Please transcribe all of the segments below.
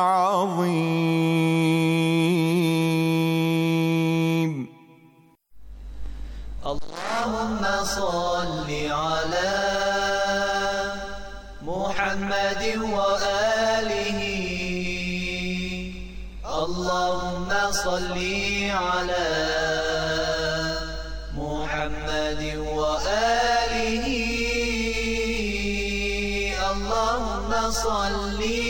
عظيم اللهم صل على محمد وآله اللهم صل على محمد وآله اللهم صلِّ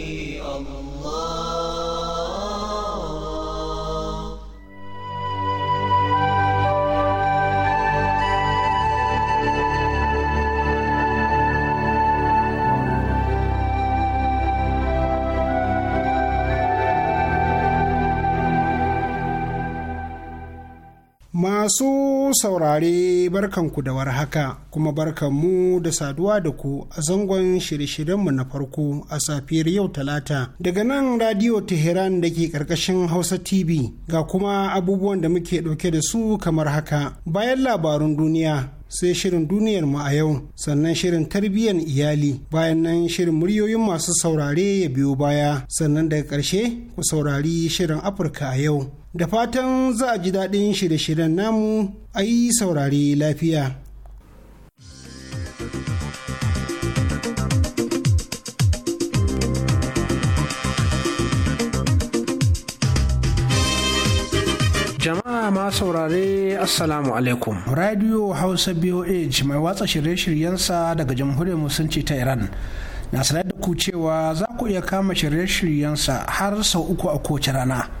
Masu saurare barkanku da warhaka kuma barkanmu da saduwa da ku a zangon shirye-shiryenmu na farko a safiyar yau talata daga nan radio Teheran da ke karkashin Hausa TV ga kuma abubuwan da muke ɗauke da su kamar haka bayan labarun duniya sai shirin duniyar mu a yau sannan shirin tarbiyyar iyali bayan nan shirin muryoyin masu saurare ya biyo baya sannan daga ƙarshe ku saurari shirin Afirka a yau. da fatan za a ji daɗin shirye-shiryen namu a yi saurare lafiya. Jama'a ma saurare Assalamu alaikum. Radio Hausa BOH mai watsa shirye-shiryensa daga Jamhuriyar Musulunci ta Iran. Na sanar da ku cewa za ku iya kama shirye-shiryensa har sau uku a kowace rana.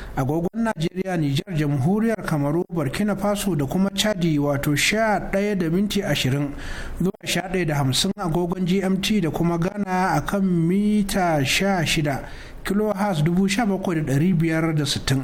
agogon najeriya nijar jamhuriyar kamaru burkina faso da kuma chadi wato ɗaya da minti ashirin zuwa sha ɗaya da hamsin agogon gmt da kuma ghana a kan mita shida dubu sha bakwai da biyar da sittin.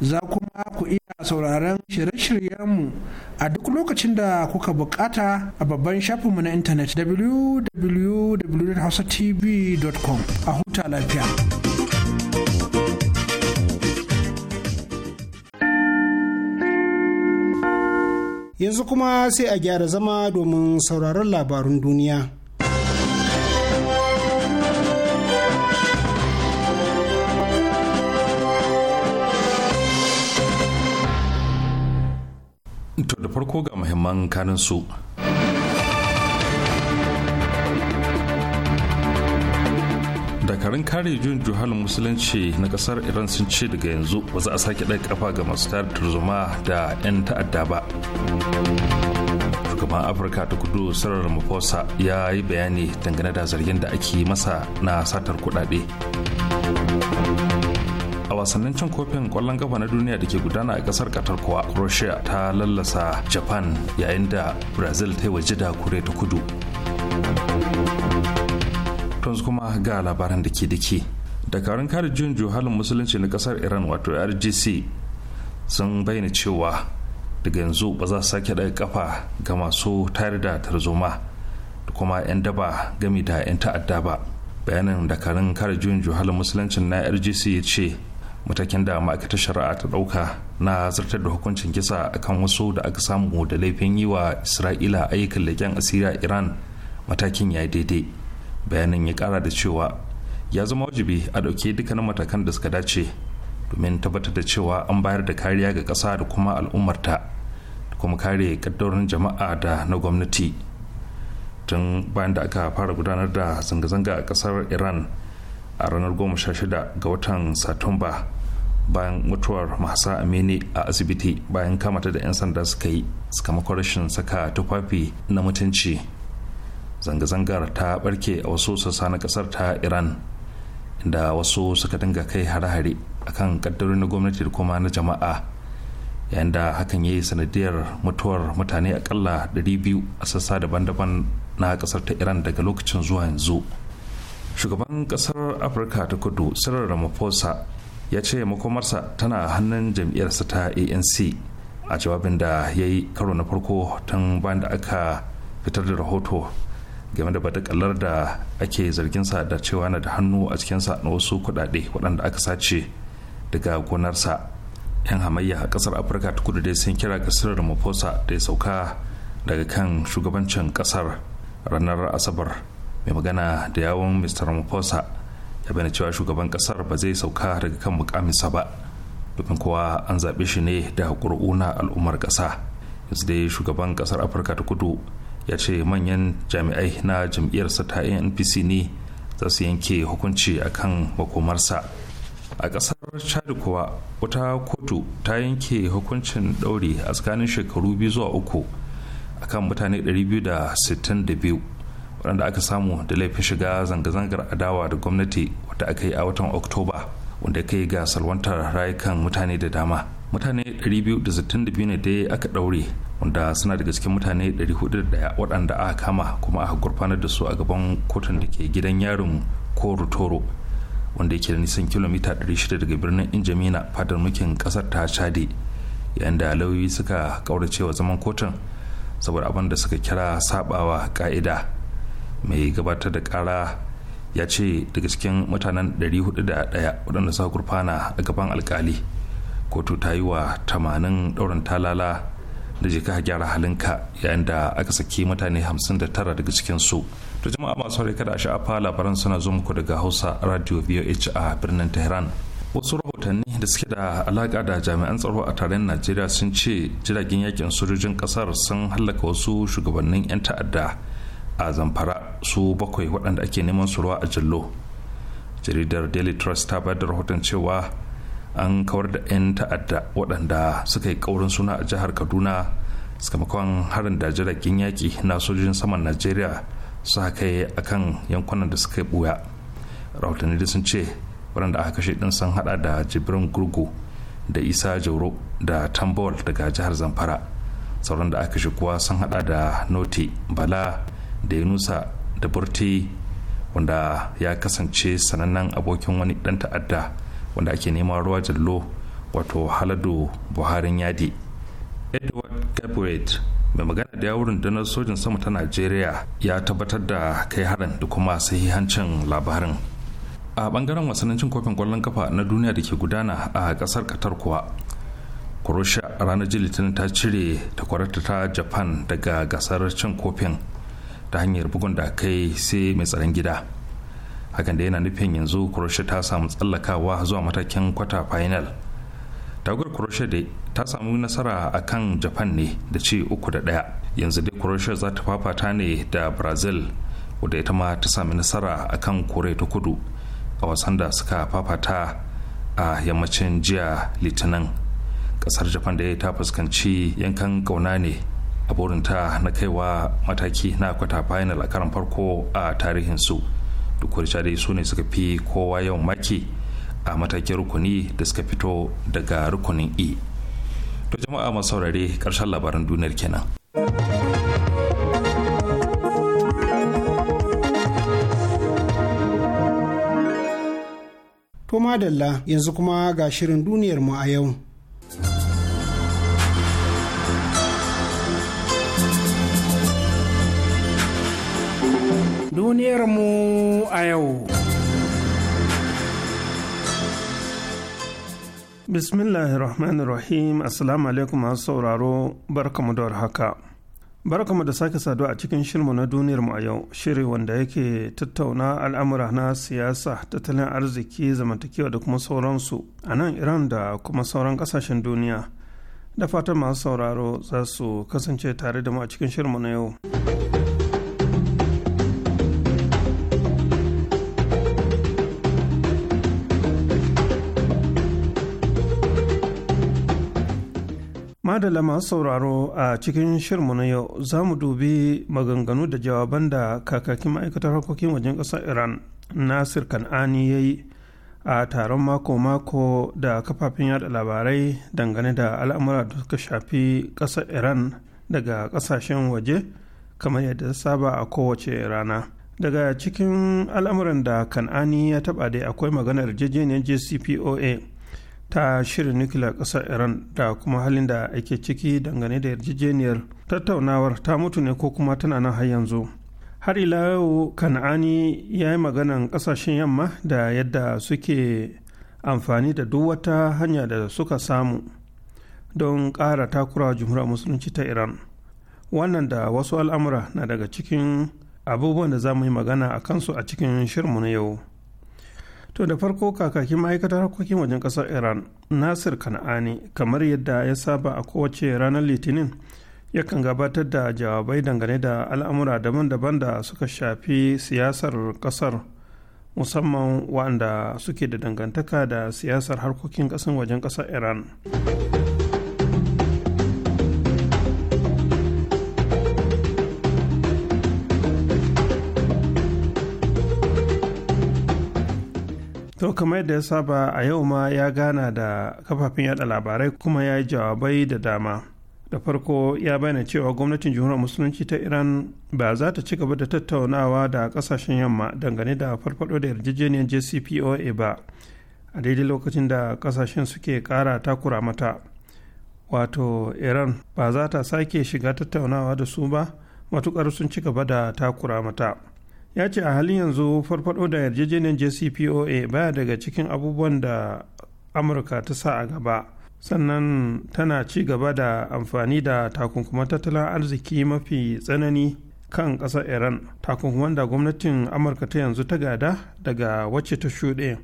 za kuma ku iya sauraron shirye-shiryenmu a duk lokacin da kuka bukata a babban shafinmu na intanet www.hausatv.com a huta lafiya. Yanzu kuma sai a gyara zama domin sauraron labarun duniya. To da farko ga muhimman kanin su. dakarun kare jun juhalin musulunci na kasar iran sun ce daga yanzu ba za a sake ɗaga kafa ga masu tare tarzoma da 'yan ta'adda ba shugaban afirka ta kudu sarar mafosa ya yi bayani dangane da zargin da ake masa na satar kudade wasannin cin kofin kwallon kafa na duniya da ke gudana a kasar katar kuwa russia ta lallasa japan yayin da brazil ta yi waje da kure ta kudu tunz kuma ga labaran da ke dake dakarun kare juyin juhalin musulunci na kasar iran wato rgc sun bayyana cewa daga yanzu ba za su sake daga kafa ga masu tare da tarzoma da kuma 'yan daba gami da 'yan ta'adda ba bayanin dakarun kare juyin juhalin musulunci na rgc ya ce matakin da ma'aikatar shari'a ta ɗauka na zartar da hukuncin kisa akan wasu da aka samu da laifin yi wa isra'ila ayyukan leƙen asiriya iran matakin ya daidai bayanin ya kara da cewa ya zama wajibi a ɗauke dukkanin matakan da suka dace domin tabbatar da cewa an bayar da kariya ga ƙasa da kuma al'ummarta da kuma kare ƙaddarorin jama'a da na gwamnati tun bayan da aka fara gudanar da zanga-zanga a ƙasar iran a ranar 16 ga watan satumba bayan mutuwar mahasa amini a asibiti bayan kamata da 'yan sanda suka yi suka rashin saka tufafi na mutunci zanga-zangar ta barke a wasu sassa na kasar ta iran inda wasu suka dinga kai hare-hare akan kaddarori na gwamnati da kuma na jama'a yayin da hakan ya yi sanadiyar mutuwar mutane akalla 200 a sassa daban-daban na kasar ta iran daga lokacin zuwa yanzu shugaban kasar afirka ta kudu sirar ramaphosa ya ce makomarsa tana hannun jam'iyyarsa ta anc a jawabin da ya yi karo na farko tun bayan da aka fitar da rahoto game da batakallar da ake zarginsa da cewa na da hannu a cikinsa na wasu kudade waɗanda aka sace daga gonarsa 'yan hamayya a ƙasar afirka ta kudu dai sun kira ga sirar mafosa da ya sauka daga kan shugabancin ƙasar ranar asabar mai magana da yawon mr mafosa ta bayyana cewa shugaban kasar ba zai sauka daga kan mukaminsa ba domin kowa an zaɓe shi ne da ƙuri'u al'ummar ƙasa yanzu dai shugaban ƙasar afirka ta kudu ya ce manyan jami'ai na jam'iyyarsa ta npc ne za su yanke hukunci akan makomarsa a ƙasar chad kuwa wata kotu ta yanke hukuncin ɗauri a tsakanin shekaru biyu zuwa uku akan mutane 262 waɗanda aka samu da laifin shiga zanga-zangar adawa da gwamnati wadda aka yi a watan oktoba wanda kai ga salwantar rayukan mutane da dama mutane 262 ne dai aka ɗaure wanda suna daga cikin mutane 401 waɗanda aka kama kuma aka gurfanar da su a gaban kotun da ke gidan yarin koro toro wanda yake da nisan kilomita 600 daga birnin injamina fadar mukin kasar ta chade yayin da lauyoyi suka kaurace wa zaman kotun saboda abin da suka kira sabawa ka'ida mai gabatar da kara ya ce daga cikin mutanen 401 waɗanda suka gurfana a gaban alkali kotu ta yi wa 80 ɗaurin talala da ka gyara halinka yayin da aka saki mutane 59 daga cikin su. to jama'a masu kada da sha'afa labaran suna zo muku daga hausa radio voh a birnin tehran wasu rahotanni da suke da alaka da jami'an tsaro a tarayyar najeriya sun ce jiragen yakin sojojin kasar sun hallaka wasu shugabannin 'yan ta'adda a zamfara su bakwai waɗanda ake neman su ruwa a jallo jaridar daily trust ta bayar da rahoton cewa an kawar da 'yan ta'adda waɗanda suka yi ƙaurin suna a jihar kaduna sakamakon harin da jiragen yaƙi na sojojin saman najeriya haka kai a kan yankunan da suka buya rahotanni da sun ce waɗanda aka kashe ɗin sun haɗa da jibrin gurgu da isa jauro da tambawal daga jihar zamfara sauran da aka kashe kuwa sun haɗa da noti bala da yunusa da burti wanda ya kasance sanannen abokin wani dan ta'adda wanda ake neman ruwa jallo wato haladu buharin yadi edward gabriel mai magana da yawon rundunar sojin sama ta nigeria ya tabbatar da kai harin da kuma sahihancin labarin a bangaren wasannin kofin kwallon kafa na duniya da ke gudana a kasar katar kuwa kurusha ranar jilitin ta cire takwarata ta japan daga gasar cin kofin ta hanyar bugun da kai sai mai tsaron gida hakan da yana nufin yanzu croatia ta samu tsallakawa zuwa matakin kwata final tawagar croatia da ta samu nasara a kan japan ne da ci uku da daya. yanzu dai croatia za ta fafata ne da brazil wadda ita ma ta sami nasara a kan kore ta kudu a wasan da suka fafata a yammacin jiya litinin kasar japan da ya ta fuskanci yankan kauna ne a burinta na kaiwa mataki na kwata final a karan farko a tarihinsu duk dai su ne suka fi kowa yawan maki a matakin rukuni da suka fito daga rukunin e to jama'a masu saurare karshen labaran duniyar kenan to madalla yanzu kuma ga shirin duniyar mu a yau duniyar mu a yau. Bismillahirrahmanirrahim Assalamu alaikum masu sauraro barkamu da haka. Barkamu da sake saduwa a cikin shirmu na duniyar mu a yau, shiri wanda yake tattauna al'amura na siyasa, tattalin arziki, zamantakewa da kuma sauransu a nan Iran da kuma sauran kasashen duniya. Da fatan masu sauraro za su kasance tare da mu a cikin shirmu na yau. madalla masu sauraro a cikin shirmu na yau za mu dubi maganganu da jawaban da kakakin ma'aikatar harkokin wajen ƙasar iran nasir kan'ani ya yi a taron mako-mako da kafafen yada labarai dangane da al'amura da suka shafi ƙasar iran daga ƙasashen waje kamar yadda ta saba a kowace rana daga cikin al'amuran da kan'ani ya taɓa dai akwai maganar jejeniyar jcpoa ta shirin nukila ƙasar iran da kuma halin da ake ciki dangane da yarjejeniyar tattaunawar ta mutu ne ko kuma tana nan har yanzu har ila yau kan'ani ya yi maganan ƙasashen yamma da yadda suke amfani da duk wata hanya da suka samu don ƙara takura jumhuriyar musulunci ta iran wannan da wasu al'amura na daga cikin abubuwan da za mu yi magana a kansu a cikin shirmu na yau to da farko kakakin ma'aikatar harkokin wajen ƙasar iran nasir kan'ani kamar yadda ya saba a kowace ranar litinin yakan gabatar da jawabai dangane da al'amura daban-daban da suka shafi siyasar ƙasar musamman waɗanda suke da dangantaka da siyasar harkokin ƙasar wajen ƙasar iran kamar yadda ya saba a yau ma ya gana da kafafen yada labarai kuma ya yi jawabai da dama. Da farko ya bayyana cewa gwamnatin jihohar musulunci ta Iran ba za ta ci gaba da tattaunawa da kasashen yamma dangane da farfado da yarjejeniyar JCPOA ba a daidai lokacin da kasashen suke kara takura mata. Wato Iran ba za ta sake shiga tattaunawa da su ba matukar sun ci gaba da takura mata. ya ce a halin yanzu farfado da yarjejeniyar jcpoa baya daga cikin abubuwan da amurka ta sa a gaba sannan tana ci gaba da amfani da takunkuman tattalin arziki mafi tsanani kan ƙasar iran takunkuman da gwamnatin amurka ta yanzu ta gada daga wacce ta shuɗe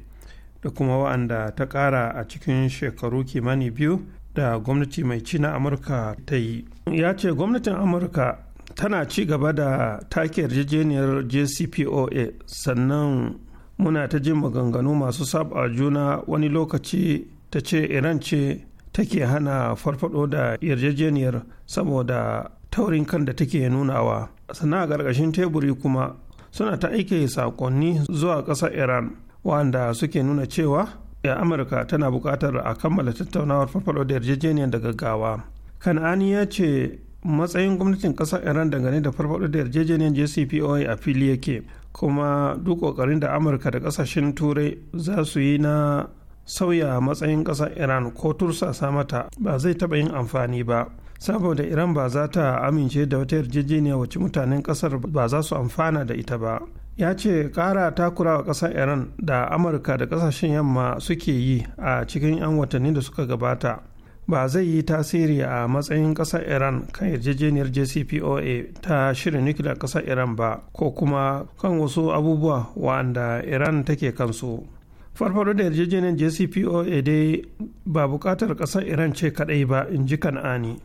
da kuma wa'anda ta ƙara a cikin shekaru kimanin biyu da gwamnati mai ci na amurka ta yi ya ce gwamnatin amurka tana ci gaba da take yarjejeniyar jcpoa sannan muna ta jin maganganu masu saba juna wani lokaci ta ce iran ce take hana farfado da yarjejeniyar saboda taurin kan da take nunawa sannan a ƙarƙashin teburi kuma suna ta aike saƙonni zuwa ƙasar iran wanda suke nuna cewa ya amurka tana buƙatar a kammala tattaunawar farfado da yarjejeniyar da gaggawa kan'ani ya ce matsayin gwamnatin kasar iran dangane da farfaɗo da yarjejeniyar jcpoa a fili yake kuma duk ƙoƙarin da amurka da ƙasashen turai za su yi na sauya matsayin ƙasar iran ko tursasa samata ba zai taɓa yin amfani ba saboda iran ba za ta amince da wata yarjejeniyar wacce mutanen ƙasar ba za su amfana da ita ba ya ce ƙara wa ƙasar iran da amurka da ƙasashen yamma suke yi a cikin 'yan watanni da suka gabata ba zai yi tasiri a matsayin ƙasar iran kan yarjejeniyar jcpoa ta shirin nukiliyar ƙasar iran ba ko kuma kan wasu abubuwa wa'anda iran take kansu farfado da yarjejeniyar jcpoa dai ba buƙatar ƙasar iran ce kaɗai ba in ji kan'ani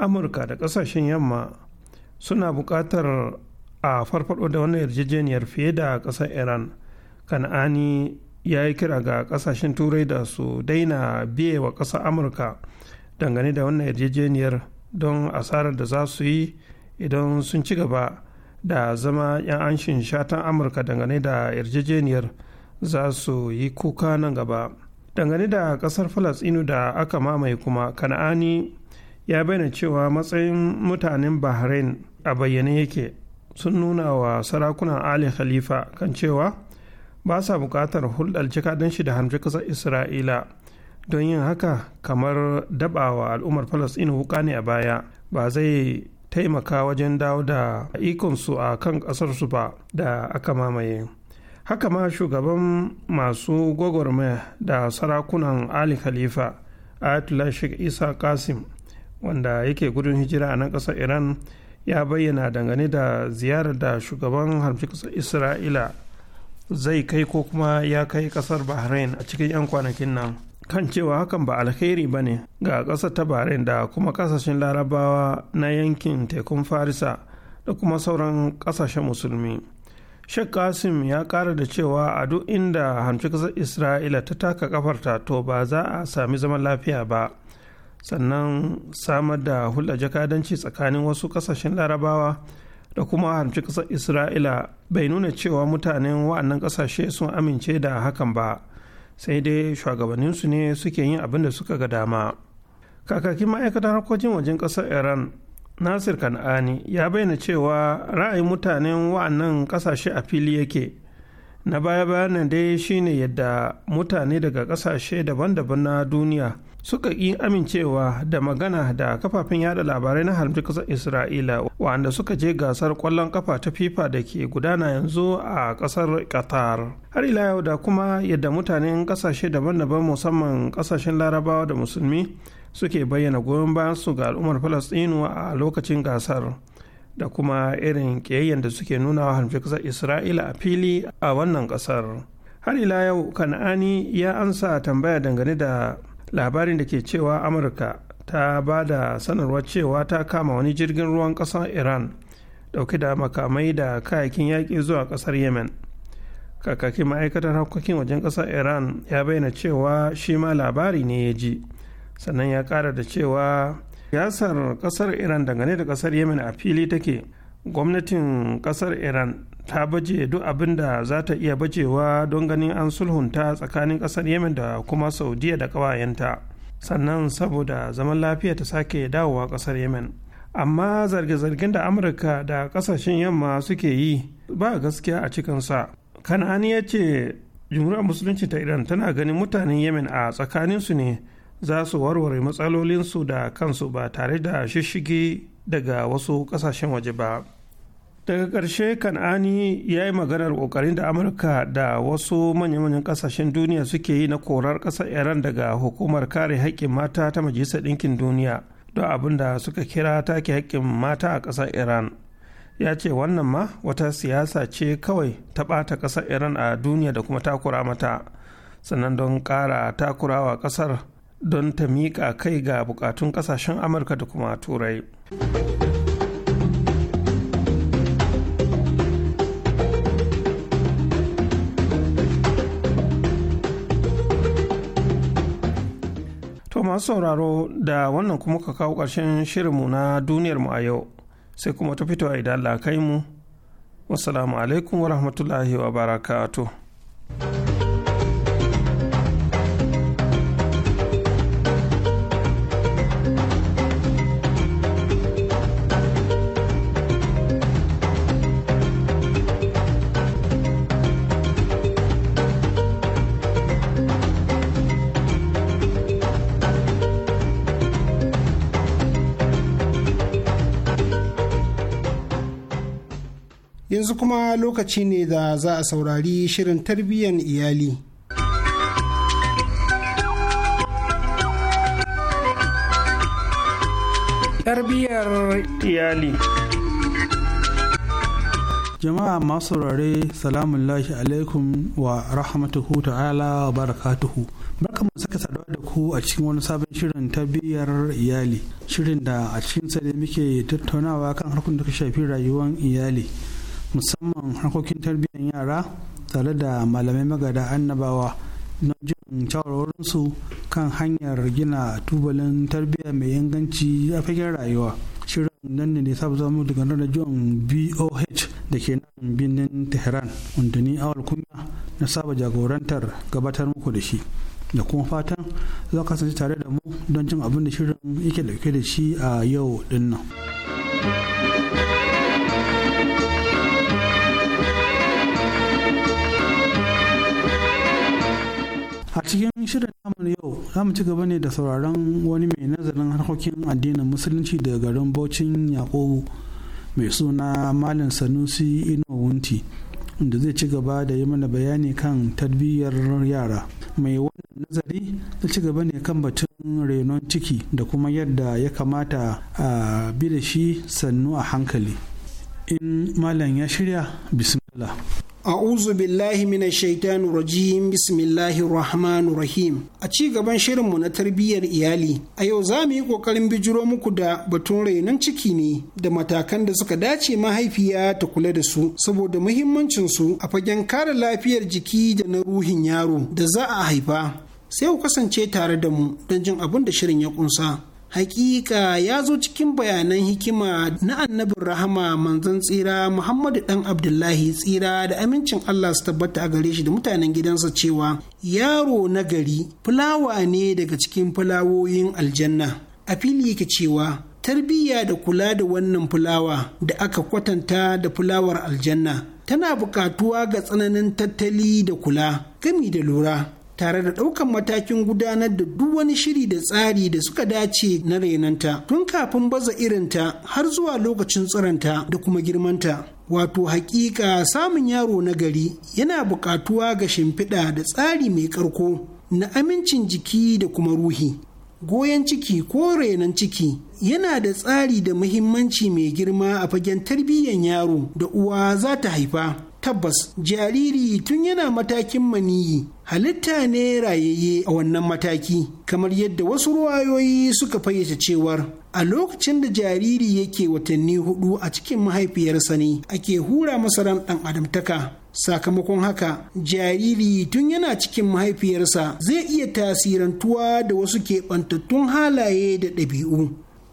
amurka da ƙasashen yamma suna buƙatar a farfado da wannan yarjejeniyar fiye da ƙasar iran kan'ani ya yi kira ga ƙasashen turai da su daina biye wa ƙasar amurka dangane da wannan yarjejeniyar don asarar da za su yi idan sun ci gaba da zama 'yan anshin shatan amurka dangane da yarjejeniyar za su yi kuka nan gaba dangane da kasar falasinu da aka mamaye kuma kana'ani ya bayyana cewa matsayin mutanen bahrain a bayyane yake sun nuna wa sarakunan ali khalifa kan cewa ba sa bukatar hulɗar jikadanshi da hamshi kasar isra'ila don yin haka kamar dabawa al'ummar falasɗinu wuka ne a baya ba zai taimaka wajen dawo da ikonsu a kan ƙasarsu ba da aka mamaye haka ma shugaban masu gwagwarmaya da sarakunan ali khalifa ayatollah sheikh isa kasim wanda yake gudun hijira a nan ƙasar iran ya bayyana dangane da ziyarar da shugaban harfi isra'ila zai kai ko kuma ya kai ƙasar bahrain a cikin 'yan kwanakin nan kan cewa hakan ba alheri ba ne ga ƙasar ta bahrain da kuma ƙasashen larabawa na yankin tekun farisa da kuma sauran ƙasashen musulmi Sheikh Qasim ya ƙara da cewa a duk inda hamci ƙasar Isra'ila ta taka kafarta to ba za a sami zaman lafiya ba. Sannan samar da hulɗa jakadanci tsakanin wasu ƙasashen larabawa da kuma hamci ƙasar Isra'ila bai nuna cewa mutanen wa'annan ƙasashe sun amince da hakan ba. sai dai shugabanninsu ne suke yin abin da suka ga dama kakakin ma'aikatar harkokin wajen ƙasar iran nasir kan'ani ya bayyana cewa ra'ayin mutanen wa'annan ƙasashe a fili yake na baya bayanan dai shine yadda mutane daga ƙasashe daban-daban na duniya suka yi amincewa da magana da kafafen yada labarai na halittar ƙasar isra'ila wanda suka je gasar ƙwallon kafa ta fifa da ke gudana yanzu a ƙasar qatar har ila yau da kuma yadda mutanen ƙasashe daban-daban musamman ƙasashen larabawa da musulmi suke bayyana goyon bayan su ga al'ummar falastinu a lokacin gasar da kuma irin ƙiyayyen da suke nuna wa kasar ƙasar isra'ila a fili a wannan ƙasar har ila yau kan'ani ya ansa tambaya dangane da labarin da ke cewa amurka ta ba da sanarwar cewa ta kama wani jirgin ruwan ƙasar iran dauke da makamai da kayakin yaƙi zuwa ƙasar yemen kakakin ma'aikatar harkokin wajen ƙasar iran ya bayyana cewa shi ma labari ne ya ji sannan ya ƙara da cewa yasar ƙasar iran dangane da ƙasar yemen a fili take gwamnatin ƙasar iran ta baje duk abin da za ta iya bajewa don ganin an sulhunta tsakanin ƙasar yemen da kuma saudiya da ƙawayenta sannan saboda zaman lafiya ta sake dawowa ƙasar yemen amma zarge-zargen da amurka da ƙasashen yamma suke yi ba gaskiya a cikinsa kan'ani ya ce jumhuriyar musulunci ta iran tana ganin mutanen yemen a tsakaninsu ne za su warware matsalolinsu da kansu ba tare da shishigi daga wasu ƙasashen waje ba. daga ƙarshe kan'ani ya yi maganar ƙoƙarin da amurka da wasu manya-manyan ƙasashen duniya suke yi na korar ƙasar iran daga hukumar kare haƙƙin mata ta majalisar ɗinkin duniya don abin da suka kira take haƙƙin mata a ƙasar iran ya ce wannan ma wata siyasa ce kawai ta ɓata ƙasar iran a duniya da kuma takura mata sannan don ƙara takurawa ƙasar don ta miƙa kai ga buƙatun ƙasashen amurka da kuma turai. masu sauraro da wannan kuma ka kawo ƙarshen shirinmu na duniyar mu a yau sai kuma ta fito a idan la'akai mu. wasu alaikum wa rahmatullahi wa barakatuh. kuma lokaci ne da za a saurari shirin tarbiyyar iyali. Tarbiyyar iyali. Jama'a masu saurare salamun lashi alaikum wa rahmatuhu ta'ala wa barakatuhu. Barka mu saka saduwa da ku a cikin wani sabon shirin tarbiyyar iyali. Shirin da a cikin sa ne muke tattaunawa kan harkun da ka shafi rayuwar iyali. musamman harkokin tarbiyyar yara tare da malamai magada annabawa don jin shawarwarinsu kan hanyar gina tubalin tarbiyya mai inganci a fagen rayuwa shirin nan ne sabu zama daga nan rajon boh da ke nan birnin tehran wanda ni awal kunya na saba jagorantar gabatar muku da shi da kuma fatan za kasance tare da mu don cin abin da shirin yake dauke da shi a yau dinnan. a cikin shirin namun yau za mu ci gaba ne da sauraron wani mai nazarin harkokin addinin musulunci daga garin baucin yakubu mai suna malam sanusi wunti da zai ci gaba da yi mana bayani kan tarbiyyar yara mai wannan nazari da ci gaba ne kan batun renon ciki da kuma yadda ya kamata a bi da shi sannu a hankali in malam ya shirya bismillah A'uzu billahi mina shaitani rajim bismillahi rahmanu rahim a ci gaban shirin mu na tarbiyyar iyali a yau za mu yi kokarin bijiro muku da batun rainon ciki ne da matakan da suka dace mahaifiya ta kula da su saboda muhimmancin su a fagen kare lafiyar jiki da na ruhin yaro da za a haifa sai ku kasance tare da mu don jin abin da shirin ya ƙunsa. hakika ya zo cikin bayanan hikima na annabin rahama manzon tsira muhammadu ɗan abdullahi tsira da amincin allah su tabbata a gare shi da mutanen gidansa cewa yaro na gari fulawa ne daga cikin fulawoyin aljanna a fili yake cewa tarbiyya da kula da wannan fulawa da aka kwatanta da fulawar aljanna tana bukatuwa ga tsananin tattali da kula gami da lura tare da ɗaukan matakin gudanar da duk wani shiri da tsari da suka dace na renanta tun kafin baza irinta har zuwa lokacin tsiranta da kuma girmanta wato hakika samun yaro na gari yana buƙatuwa ga shimfiɗa da tsari mai ƙarko na amincin jiki da kuma ruhi goyon ciki ko renon ciki yana da tsari da muhimmanci mai girma a fagen tarbiyyar yaro da uwa za ta haifa tabbas jariri tun yana matakin maniyi halitta ne rayayye a wannan mataki kamar yadda wasu ruwayoyi suka fayyace cewar a lokacin da jariri yake watanni hudu a cikin mahaifiyarsa ne ake hura masaran ran dan adamtaka sakamakon haka jariri tun yana cikin mahaifiyarsa zai iya tasirantuwa da wasu keɓantattun halaye da ɗabi'u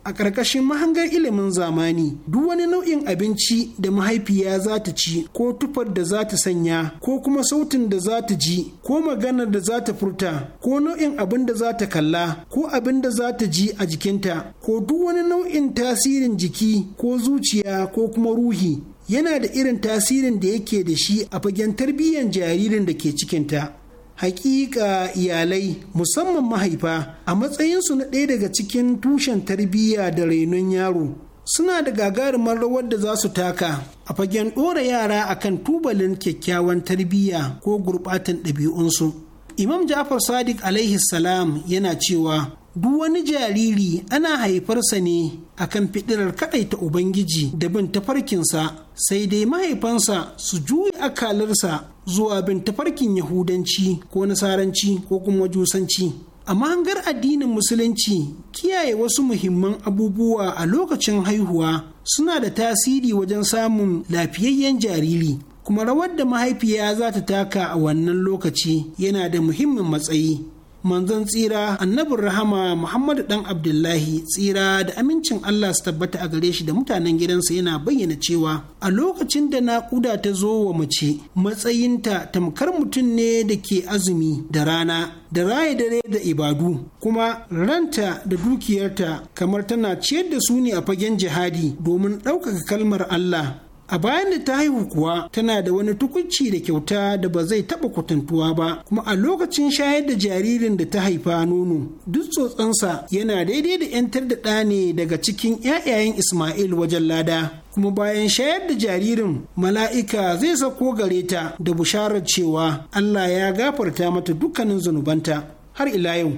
a ƙarƙashin mahangar ilimin zamani duk wani nau'in abinci da mahaifiya za ta ci ko tufar da za ta sanya ko kuma sautin da za ta ji ko maganar da za ta furta ko nau'in abin da za ta kalla ko abin da za ta ji a jikinta ko duk wani nau'in tasirin jiki ko zuciya ko kuma ruhi yana da irin tasirin da yake da shi a fagen tarbiyyar jaririn da ke cikinta hakika iyalai musamman mahaifa a matsayinsu na ɗaya daga cikin tushen tarbiyya da rainon yaro suna da gagarumar rawar da za su taka a fagen ɗora yara akan tubalin kyakkyawan tarbiyya ko gurɓatan ɗabi'unsu imam ja'far sadiq alaihi salam yana cewa duk wani jariri ana haifarsa ne a kan fidirar kaɗaita ubangiji da bin tafarkinsa sai dai mahaifansa su juya akalarsa zuwa bin tafarkin yahudanci ko nasaranci ko kuma Jusanci. a mahangar addinin musulunci kiyaye wasu muhimman abubuwa a lokacin haihuwa suna da tasiri wajen samun lafiyayyen jariri kuma rawar da mahaifiya za ta taka a wannan lokaci yana da muhimmin matsayi manzon tsira annabin rahama muhammadu dan abdullahi tsira da amincin allah su tabbata a gare shi da mutanen gidansa yana bayyana cewa a lokacin da naƙuda ta zo wa mace matsayinta tamkar mutum ne da ke azumi da rana da raye dare da ibadu kuma ranta da dukiyarta kamar tana ciyar da su ne a fagen jihadi domin ɗaukaka kalmar allah a bayan da ta haihu kuwa tana da wani tukunci da kyauta da ba zai taɓa kwatantuwa ba kuma a lokacin shayar da jaririn da ta haifa nono duk tsotsansa yana daidai da 'yantar da ɗa ne daga cikin 'ya'yayen isma'il wajen lada kuma bayan shayar da jaririn mala'ika zai sako gare ta da bisharar cewa Allah ya gafarta mata dukkanin zunubanta har ila yau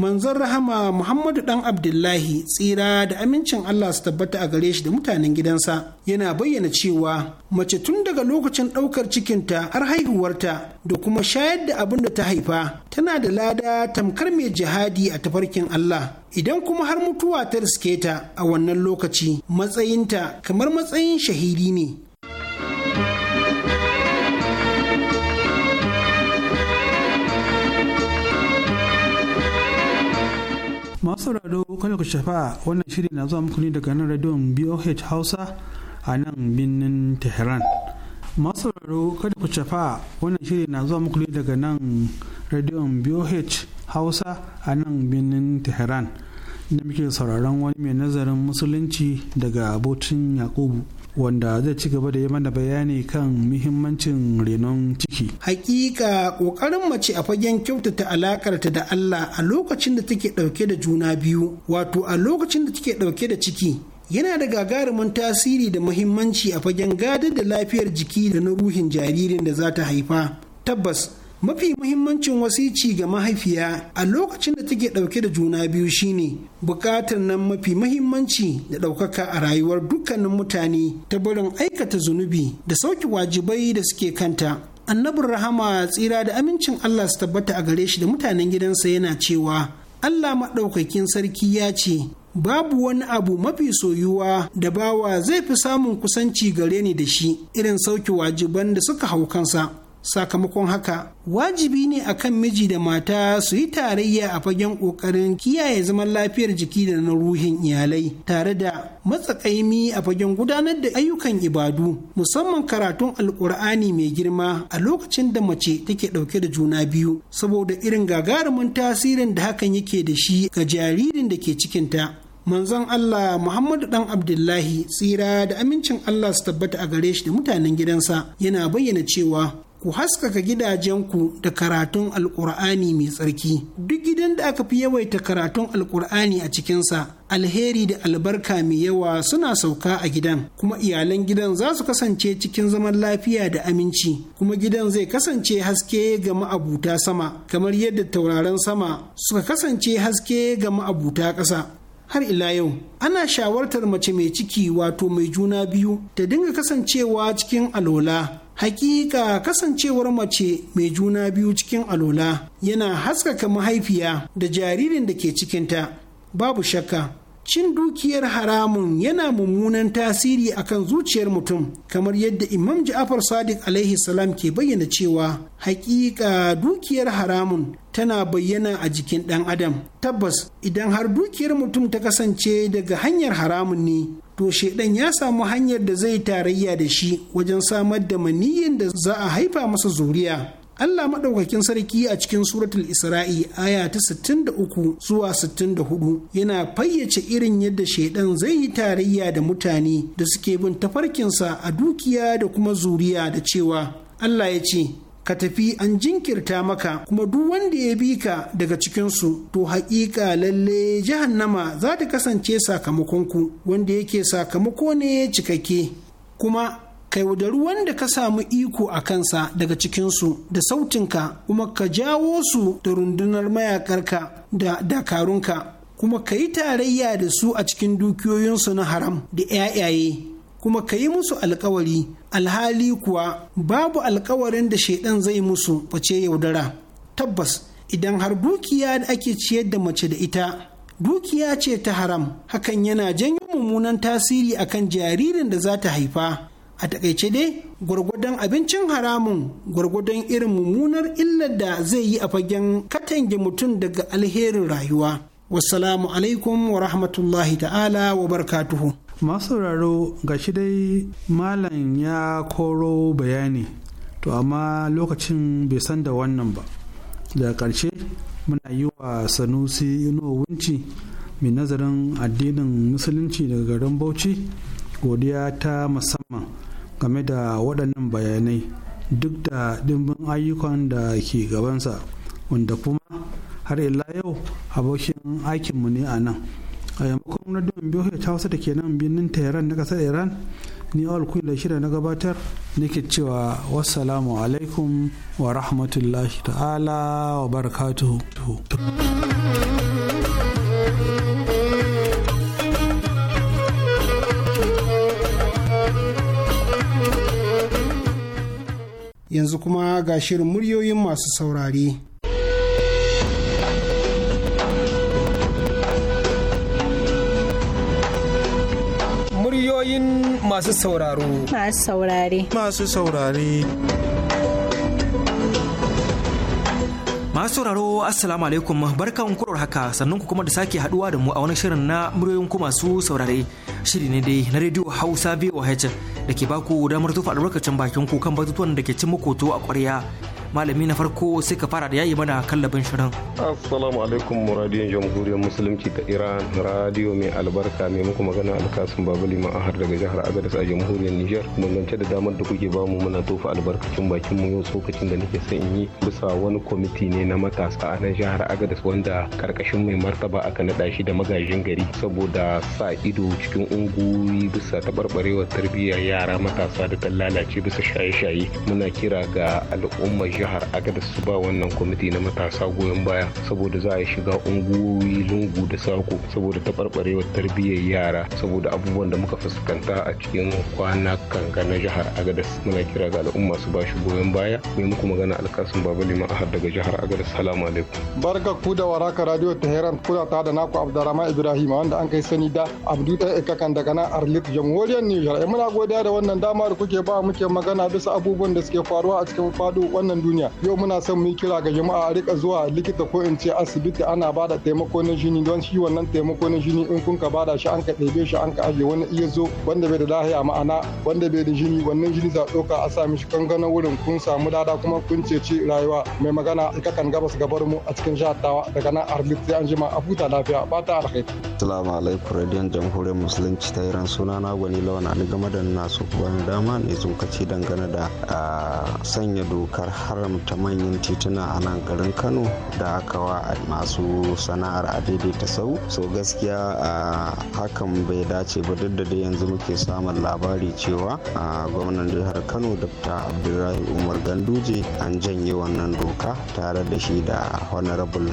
manzon rahama muhammadu dan abdullahi tsira da amincin allah su tabbata a gare shi da mutanen gidansa yana bayyana cewa mace tun daga lokacin ɗaukar cikinta har haihuwarta da kuma shayar da abin da ta haifa tana da lada tamkar mai jihadi a tafarkin allah idan kuma har mutuwa ta riske ta a wannan lokaci matsayinta kamar matsayin shahidi ne sauraro kada ku shafa wannan shirin na zuwa muku ne daga nan radiyon boh hausa a nan birnin tehran masu sauraro kada ku shafa wannan shiri na zuwa muku ne daga nan radiyon boh hausa a nan birnin tehran da muke sauraron wani mai nazarin musulunci daga abotin yakubu wanda zai ci gaba da yi mana bayani kan muhimmancin renon ciki. Hakika ƙoƙarin mace a fagen kyautata alakarta da Allah a lokacin da take ɗauke da juna biyu, wato a lokacin da take ɗauke da ciki, yana da gagarumin tasiri da muhimmanci a fagen gadar da lafiyar jiki da na ruhin jaririn da za ta haifa. Tabbas, mafi muhimmancin wasici ga mahaifiya a lokacin da take ɗauke da juna biyu shine bukatar nan mafi mahimmanci da ɗaukaka a rayuwar dukkanin mutane ta barin aikata zunubi da sauki wajibai da suke kanta annabin rahama tsira da amincin allah su tabbata a gare shi da mutanen gidansa yana cewa allah maɗaukakin sarki ya ce babu wani abu mafi soyuwa da bawa zai fi samun kusanci gare ni da shi irin sauki wajiban da suka hau kansa sakamakon haka wajibi ne a kan miji da mata su yi tarayya a fagen ƙoƙarin kiyaye zaman lafiyar jiki da na ruhin iyalai tare da matsakaimi a fagen gudanar da ayyukan ibadu musamman karatun alkur'ani mai girma a lokacin da mace take ɗauke da juna biyu saboda irin gagarumin tasirin da hakan yake da shi ga jaririn da ke cikinta manzon Allah Muhammadu dan Abdullahi tsira da amincin Allah su tabbata a gare shi da mutanen gidansa yana bayyana cewa ku haskaka gidajenku da karatun alkur'ani mai tsarki duk gidan da aka fi yawaita karatun alkur'ani a cikinsa alheri da albarka mai yawa suna sauka a gidan kuma iyalan gidan za su kasance cikin zaman lafiya da aminci kuma gidan zai kasance haske ga ma'abuta sama kamar yadda tauraron sama suka kasance haske ga ma'abuta ƙasa har ila yau ana shawartar mace mai ciki wato mai juna biyu ta dinga kasancewa cikin alola hakika kasancewar mace mai juna biyu cikin alola yana haskaka mahaifiya da jaririn da ke cikinta babu shakka cin dukiyar haramun yana mummunan tasiri akan zuciyar mutum kamar yadda imam ja'afar sadiq alaihi salam ke bayyana cewa hakika dukiyar haramun tana bayyana a jikin ɗan adam tabbas idan har dukiyar mutum ta kasance daga hanyar haramun ne to shedan ya samu hanyar da zai tarayya da shi wajen samar da maniyin da za a haifa masa zuriya Allah maɗaukakin sarki a cikin suratul Isra'i aya ta 63 zuwa 64 yana fayyace irin yadda shaidan zai yi tarayya da mutane da suke bin tafarkinsa a dukiya da kuma zuriya da cewa Allah ya ce ka tafi an jinkirta maka kuma duk wanda ya bi ka daga cikinsu to haƙiƙa lalle jahannama za ta kasance sakamakonku wanda yake sakamako ne cikakke kuma ka yaudari wanda ka samu iko a kansa daga cikinsu da sautinka kuma ka jawo su da rundunar mayakarka da dakarunka kuma ka yi tarayya da su a cikin dukiyoyinsu na haram da 'ya'yaye kuma ka yi musu alkawari alhali kuwa babu alkawarin da shaidan zai musu face yaudara tabbas idan har dukiya da ake ciyar da mace da ita dukiya ce ta haram hakan yana janyo mummunan tasiri akan jaririn da za ta haifa a takaice dai gwargwadon abincin haramun gwargwadon irin mummunar illar da zai yi a fagen katange mutum daga alherin rayuwa wassalamu alaikum wa rahmatullahi ta'ala wa barkatuhu masu sauraro ga shi dai malam ya koro bayani to amma lokacin bai san da wannan ba daga ƙarshe muna yi wa sanusi inuwa mai nazarin addinin musulunci daga garin bauchi godiya ta musamman game da waɗannan bayanai duk da ɗimbin ayyukan da ke gabansa wanda kuma har ila yau abokin aikinmu ne a nan a yamakon radiyon biyu ta hausa da ke nan birnin tehran na kasar iran ni awal kun da shida na gabatar nake cewa wassalamu alaikum wa rahmatullahi ta'ala wa barakatuhu yanzu kuma ga shirin muryoyin masu saurare Ra'ayoyin masu sauraro. Masu saurare. Masu saurare. masu sauraro assalamu alaikum barkan kurar haka sannan ku kuma da sake haduwa da mu a wani shirin na muryoyin ku masu saurare shiri ne dai na rediyo hausa voh da ke baku damar tufa albarkacin bakin ku kan batutuwan da ke cin muku a kwarya malami na farko sai ka fara da yayi mana kallabin shirin assalamu alaikum radiyon jamhuriyar musulunci ta iran radiyo mai albarka mai muku magana alkasun babali ma'ahar daga jihar agadas a jamhuriyar niger dangance da damar da kuke bamu muna tofa albarkacin bakin mu yau tsokacin da nake son yi bisa wani kwamiti ne na matasa a nan jihar agadas wanda karkashin mai martaba aka naɗa shi da magajin gari saboda sa ido cikin unguwi bisa tabarbarewar tarbiyyar yara matasa da ta lalace bisa shaye-shaye muna kira ga al'ummar jihar agadas su ba wannan kwamiti na matasa goyon baya saboda za a shiga unguwoyi lungu da sako saboda taɓarɓarewar tarbiyyar yara saboda abubuwan da muka fuskanta a cikin kwana kanga na jihar agadas muna kira ga al'umma su ba shi goyon baya mai muku magana alkasun baba liman ahar daga jihar agadas salamu alaikum barka ku da waraka radio tehran kuna ta da naku abdurrahman ibrahim wanda an kai sani da abdu da ikakan daga nan arlit jamhuriyar niger eh, muna godiya da wannan dama da kuke ba muke magana bisa abubuwan da suke faruwa a cikin fado wannan duniya yau muna son mu kira ga jama'a a rika zuwa likita ko in ce asibiti ana ba da taimako na jini don shi wannan taimako na jini in kun ka ba da shi an ka ɗebe shi an ka aje wani iya zo wanda bai da lahiya ma'ana wanda bai da jini wannan jini za ɗauka a sa mishi kankana wurin kun samu dada kuma kun ceci rayuwa mai magana kakan gabas gabar mu a cikin jihar tawa daga nan arbit sai an jima a huta lafiya ba ta alkhairi. Assalamu alaikum radiyon jamhuriyar musulunci ta iran suna na gwani lawan ni game da nasu wani dama ne ci dangane da ah, sanya dokar har ta manyan tituna a nan garin kano da aka wa masu sana'ar ta sau so gaskiya a hakan bai dace ba duk da dai yanzu muke samun labari cewa a gwamnan jihar kano dr abdullahi umar ganduje an janye wannan doka tare da shi da honorable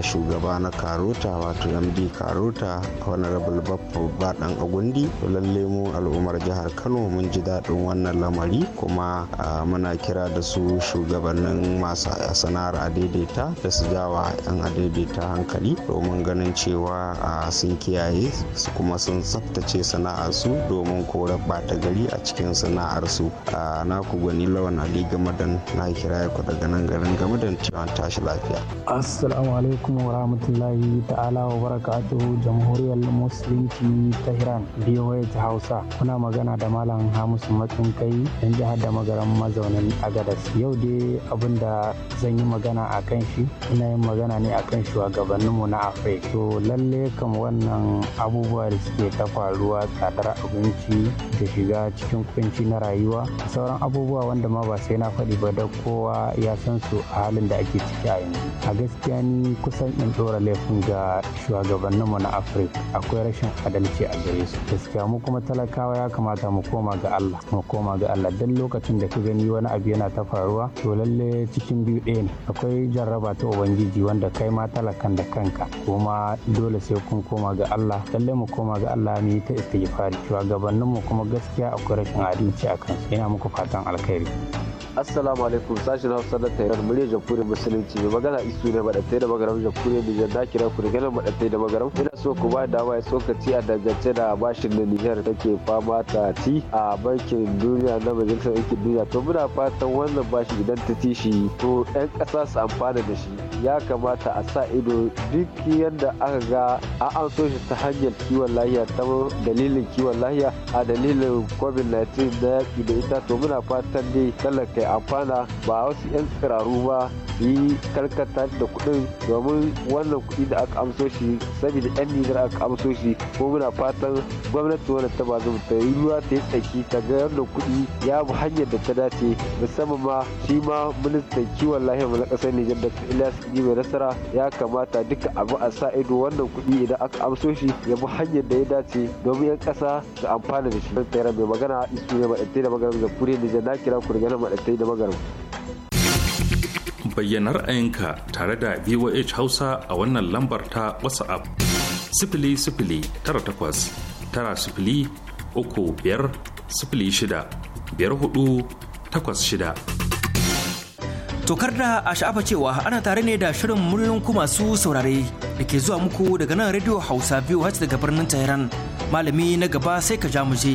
shugaba na karota wato md karota honorable babu baɗan agundi lalle mu al'ummar jihar kano mun ji daɗin wannan lamari kuma muna kira da su shugaba shugabannin masu sana'ar adaidaita da su jawa 'yan adaidaita hankali domin ganin cewa a sun kiyaye kuma sun tsaftace sana'ar su domin korar bata gari a cikin sana'ar su a naku gani lawan ali gamadan na kira ku daga nan garin gamadan cewa tashi lafiya assalamu alaikum wa rahmatullahi ta'ala wa barakatuhu jamhuriyar musulunci ta iran biyoyi hausa kuna magana da malam hamisu matsin kai yan jihar da magaran mazaunin agadas yau dai abin da zan yi magana a kan shi ina yin magana ne a kan shugabanninmu na afirka to lalle kan wannan abubuwa da suke ta faruwa tsadar abinci da shiga cikin kunci na rayuwa sauran abubuwa wanda ma ba sai na faɗi ba da kowa ya san su a halin da ake ciki a yanzu a gaskiya ni kusan in ɗora laifin ga shugabanninmu na afirka akwai rashin adalci a gare su gaskiya mu kuma talakawa ya kamata mu koma ga allah mu koma ga allah dan lokacin da ka gani wani abu yana ta faruwa to lalle cikin biyu ɗaya ne akwai jarraba ta ubangiji wanda kai ma talakan da kanka kuma dole sai kun koma ga Allah lalle mu koma ga Allah ne ta istighfari gabanin mu kuma gaskiya akwai rashin adalci kan ina muku fatan alkhairi assalamu alaikum sashen hausa na tairar murya jamhuriyar musulunci mai magana isu ne madatai da magaram jamhuriyar nijar na kira ku daga madatai da magaram ina so ku ba dama ya tsokaci a dangance da bashin da nijar take fama ta ci a bankin duniya na majalisar aikin duniya to muna fatan wannan bashi idan ta shi to 'yan ƙasa su amfana da shi ya kamata a sa ido duk yadda aka ga a an so shi ta hanyar kiwon lahiya ta dalilin kiwon lahiya a dalilin covid-19 na yaki da ita to muna fatan dai kai amfana ba wasu 'yan tsiraru ba yi karkata da kuɗin domin wannan kudi da aka amso shi saboda yan nijar aka amso shi ko muna fatan gwamnati wadda ta bazu ta yi ruwa ta yi tsaki ta ga yadda kuɗi ya bi hanyar da ta dace musamman ma shi ma ministan kiwon lafiya na kasar nijar da ilyas mai nasara ya kamata duka abu a sa ido wannan kudi idan aka amso shi ya bi hanyar da ya dace domin yan kasa su amfana da shi. mai magana isu ne maɗaɗai da magana da Nijar na kira ku da nan maɗaɗai da magana. bayyana ra'ayinka tare da voh hausa a wannan lambar ta whatsapp sifili sifili tara takwas tara sifili uku biyar sifili shida biyar hudu takwas shida tokar da a sha'afa cewa ana tare ne da shirin muryoyin masu saurare da ke zuwa muku daga nan radio hausa biyu hajji daga birnin tehran malami na gaba sai ka ja mu je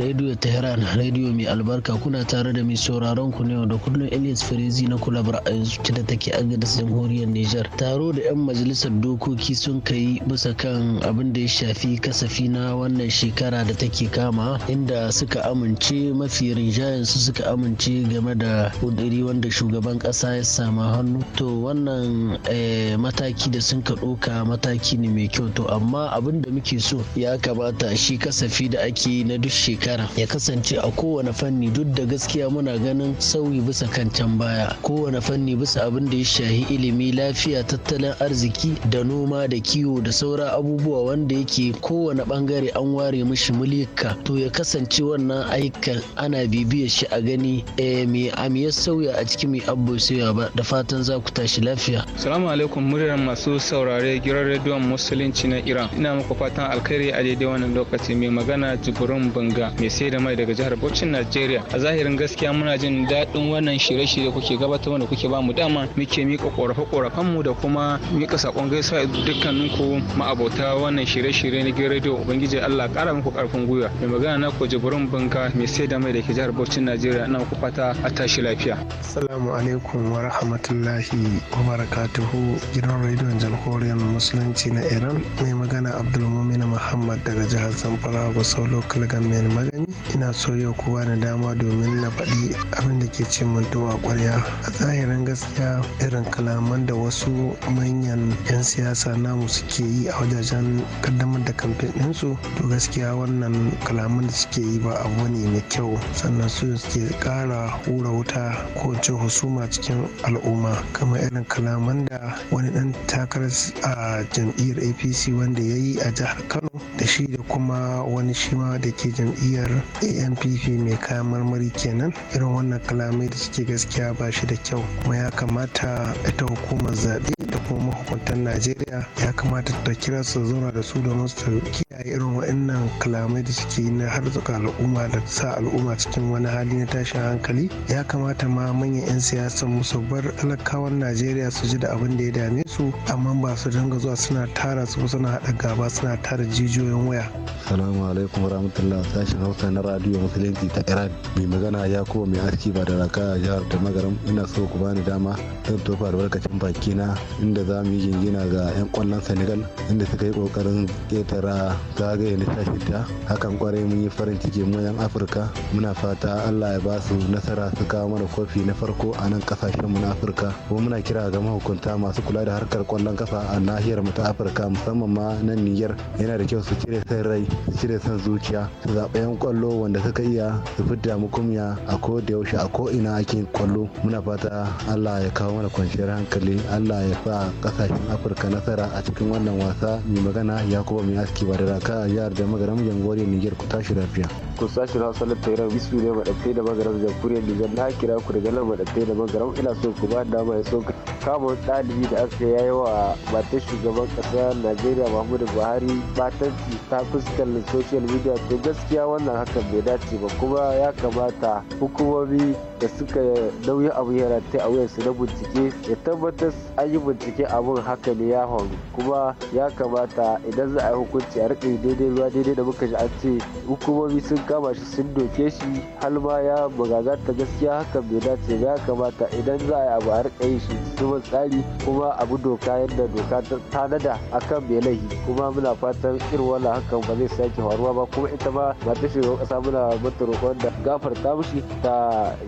Radio Tehran, Radio mai albarka kuna tare da mai sauraron ku ne da kullum Elias Ferezi na kulabar a yanzu da take agadas jamhuriyar niger. Taro da 'yan majalisar dokoki sun kai bisa kan abin da ya shafi kasafi na wannan shekara da take kama inda suka amince mafi rinjayen su suka amince game da kudiri wanda shugaban kasa ya sama hannu. To wannan eh, mataki da sun ka ɗoka mataki ne mai kyau to amma abin da muke so ya kamata shi kasafi da ake na duk shekara shekara ya kasance a kowane fanni duk da gaskiya muna ganin sauyi bisa kan can baya kowane fanni bisa abin da ya shahi ilimi lafiya tattalin arziki da noma da kiwo da saura abubuwa wanda yake kowane bangare an ware mishi mulika to ya kasance wannan aikan ana bibiyar shi a gani eh, me amiyar sauya a cikin mai abu sauya ba da fatan za ku tashi lafiya salamu alaikum muryar masu saurare giran rediyon musulunci na iran ina muku fatan alkhairi a daidai wannan lokaci mai magana jibrin banga mai sai da mai daga jihar Bauchi Najeriya. A zahirin gaskiya muna jin daɗin wannan shirye-shirye kuke gabatarwa da kuke ba mu dama muke mika korafe-korafen mu da kuma mika sakon gaisuwa dukkanin ku ma'abota wannan shirye-shirye na rediyo Ubangiji Allah ƙara muku ƙarfin gwiwa. Mai magana na ku Jibrin Bunka mai sai da mai daga jihar Bauchi Najeriya ina ku fata a tashi lafiya. Assalamu alaikum wa rahmatullahi wa barakatuhu gidan rediyon jamhuriyar musulunci na Iran mai magana Mumin Muhammad daga jihar Zamfara solo Kalgan mai magani ina so yau kowa bani dama domin na faɗi abin da ke ce mun a ƙwarya a zahirin gaskiya irin kalaman da wasu manyan 'yan siyasa namu suke yi a wajajen kaddamar da kamfen ɗinsu to gaskiya wannan kalaman da suke yi ba abu ne mai kyau sannan su suke ƙara hura wuta ko ce husuma cikin al'umma kamar irin kalaman da wani ɗan takarar a jam'iyyar apc wanda ya yi a jihar kano shi da kuma wani shima da ke jam'iyyar ampp mai kayan marmari kenan irin wannan kalamai da suke gaskiya ba shi da kyau kuma ya kamata ita hukumar zaɓe da kuma mahukuntan najeriya ya kamata ta kira su zauna da su domin su a irin waɗannan kalamai da suke na harzuka al'umma da sa al'umma cikin wani hali na tashin hankali ya kamata ma manyan 'yan siyasa musu bar talakawan najeriya su ji da abin da ya dame su amma ba su dinga zuwa suna tara su suna haɗa gaba suna tara jijiyoyin waya salamu alaikum warahmatullah sashen hausa na radio musulunci ta iran mai magana ya kuma mai aski ba da raka jihar ta magaram ina so ku bani dama zan tofa albarkacin bakina inda za mu yi jingina ga 'yan kwallon senegal inda suka yi kokarin ketara ga na sha shida hakan kwarai mun yi farin ciki mu yan afirka muna fata allah ya ba su nasara su kawo mana kofi na farko a nan kasashenmu na afirka kuma muna kira ga mahukunta masu kula da harkar kwallon kafa a nahiyar mu ta afirka musamman ma nan niger yana da kyau su cire san rai su cire san zuciya su zaɓa yan kwallo wanda suka iya su fidda mu kumya a ko da yaushe a ko ina ake kwallo muna fata allah ya kawo mana kwanciyar hankali allah ya sa kasashen afirka nasara a cikin wannan wasa mai magana ya kuma mai aski ba da kaka a jihar da magaram jamhuriyar niger ku tashi lafiya sashen hausa na bisu ne maɗafe da magaram jamhuriyar nijar na kira ku daga nan maɗafe da magaram ina so ku ba dama ya so kama ɗalibi da aka yi wa matar shugaban ƙasa najeriya muhammadu buhari batanci ta fuskar social media to gaskiya wannan hakan bai dace ba kuma ya kamata hukumomi da suka nauyi abu yana ta a su na bincike ya tabbatar an yi bincike abun haka ne ya faru kuma ya kamata idan za a yi hukunci a rikin daidai ruwa daidai da muka ji an ce hukumomi sun kama shi sun doke shi halma ya magaganta gaskiya haka bai dace ba ya kamata idan za a yi abu a rika yin shi zuban tsari kuma abu doka yadda doka ta tanada a kan laifi kuma muna fatan irin wannan hakan ba zai sake faruwa ba kuma ita ma ba ta shiga kasa muna mata roƙon da gafarta mushi ta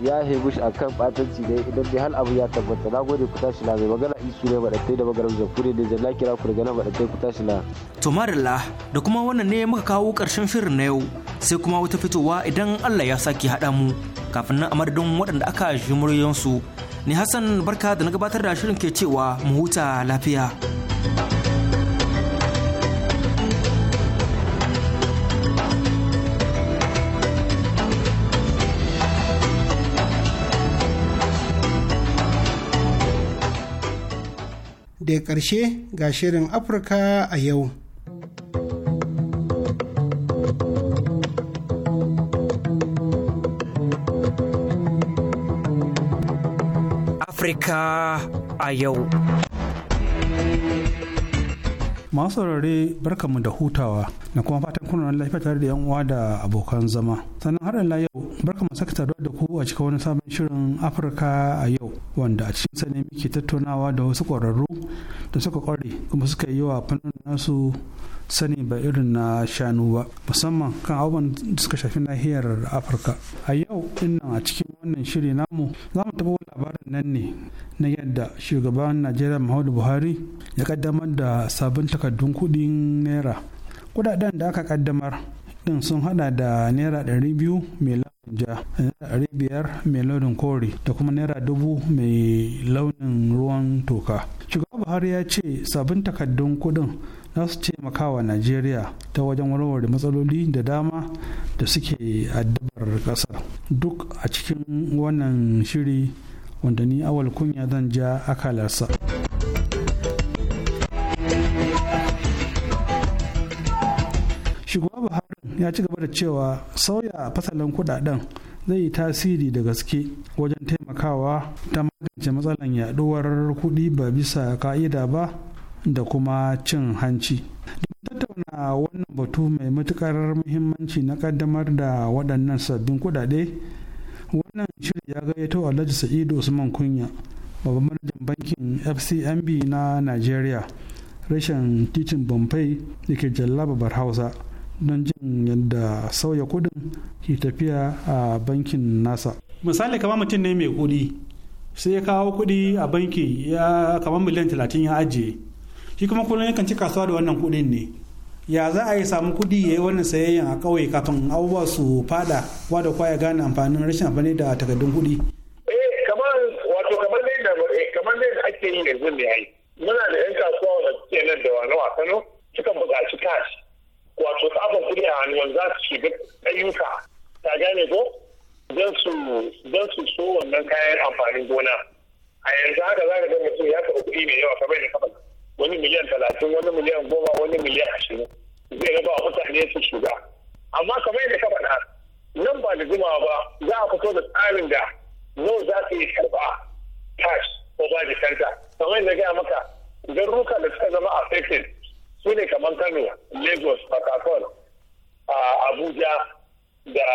ya shi a kan batanci ne idan dai hal abu ya tabbata na gode ku tashi na mai magana isu ne maɗatai da magaram kure ne zalla kira ku daga nan maɗatai ku tashi na. da kuma wannan ne muka kawo ƙarshen shirin na yau sai kuma wata fitowa idan Allah ya sake haɗa mu kafin nan a madadin waɗanda aka shi muryoyinsu ni Hassan barka da na gabatar da shirin ke cewa mu huta lafiya. da ƙarshe ga shirin afirka a yau Afirka a yau. Masu saurare barkamu da hutawa da kuma fatan kuna lafiya tare da 'yan uwa da abokan zama. Sannan har Allah yau barkamu saka saduwa da ku a cikin wani sabon shirin Afirka a yau wanda a cikin sa ne muke tattaunawa da wasu ƙwararru da suka ƙware kuma suka yi wa fannin nasu sani ba irin na shanu ba musamman kan abubuwan da suka shafi nahiyar afirka a yau dinnan a cikin wannan shiri namu za mu taɓa labarin nan ne na yadda shugaban najeriya muhammadu buhari ya kaddamar da sabbin takardun kuɗin naira kudaden da aka kaddamar din sun hada da naira biyu mai launin ja naira biyar mai launin kore da kuma naira dubu mai launin ruwan toka Shugaban buhari ya ce sabbin takardun kuɗin za su taimakawa najeriya ta wajen warware matsaloli da dama da suke addabar ƙasar duk a cikin wannan shiri wanda ni awal kunya zan ja akalarsa shugaba buhari ya ci gaba da cewa sauya fasalin kudaden zai yi tasiri da gaske wajen taimakawa ta magance matsalan yaduwar kuɗi ba bisa ka'ida ba da kuma cin hanci tattauna wannan batu mai matukar muhimmanci na kaddamar da waɗannan sabbin kuɗaɗe wannan shirin ya gayyato alhaji sa'idu usman kunya babban manajan bankin fcmb na nigeria rashin titin bombay da ke jallababar hausa don jin yadda sauya kudin ke tafiya a bankin nasa misali kama mutum ne mai kudi sai ya kawo kudi a banki ya kama miliyan 30 ya ajiye shi kuma kullum yakan ci kasuwa da wannan kuɗin ne ya za a yi samu kuɗi ya yi wannan sayayyan a ƙauye kafin abubuwa su fada wa da kwaya gane amfanin rashin amfani da takardun kuɗi. eh kamar wato kamar dai da eh, kamar dai da ake yi yanzu ne ai muna da yan kasuwa wanda suke nan da wani wasano sukan buƙaci cash wato tsafin kuɗi a hannu za su shiga ayyuka ta gane ko don su don su so wannan kayan amfanin gona a yanzu haka za ka ga mutum ya taɓa kuɗi mai yawa kamar da kafa wani miliyan talatin wani miliyan goma wani miliyan ashirin zai raba wa mutane su shiga amma kamar yadda ka faɗa nan ba da jimawa ba za a fito da tsarin da no za su yi karɓa cash ko ba da kanta kamar yadda gaya maka garuruka da suka zama affected su ne kamar kano lagos port abuja da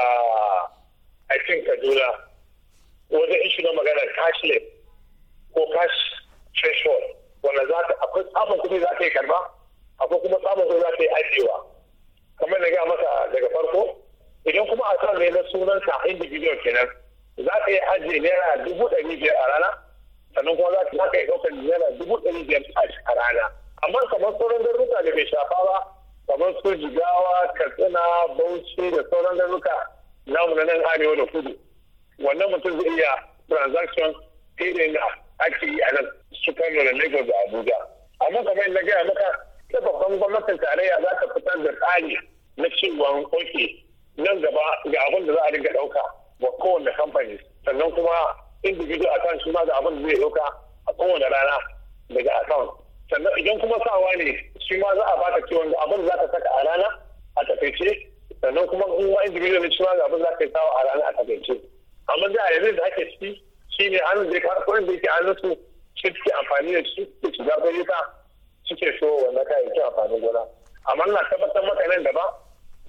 a cikin kaduna wajen ishi na magana cashless ko cash threshold wanda za ka akwai tsaban kuɗi za ta yi karba akwai kuma tsaban kuɗi za ta yi ajiyewa kamar na gaya masa daga farko idan kuma a kan rena sunan sunansa individual kenan za ka yi ajiye naira dubu ɗari biyar a rana sannan kuma za ka yi ɗaukar naira dubu ɗari biyar a rana amma kamar sauran garuruka da bai shafa ba kamar su jigawa katsina bauchi da sauran garuruka namu na nan arewa da kudu wannan mutum zai iya transaction irin da ake yi a nan su kano da lagos da abuja amma kamar na gaya maka ta babban gwamnatin tarayya za ta fitar da tsari na cewa oke nan gaba ga abin da za a dinga ɗauka wa kowane kamfani sannan kuma individual account shi ma ga abin da zai ɗauka a kowane rana daga account sannan idan kuma sawa ne shi ma za a baka cewa ga abin za ka saka a rana a takaice sannan kuma in ma individual ne shi ma ga abin za ka yi sawa a rana a takaice amma da a yanzu da ake ciki shine an zai ka kuɗin da yake an nasu suke amfani da shi suke shiga bayyuka suke so wannan kayayyakin amfanin gona amma na tabbatar maka nan da ba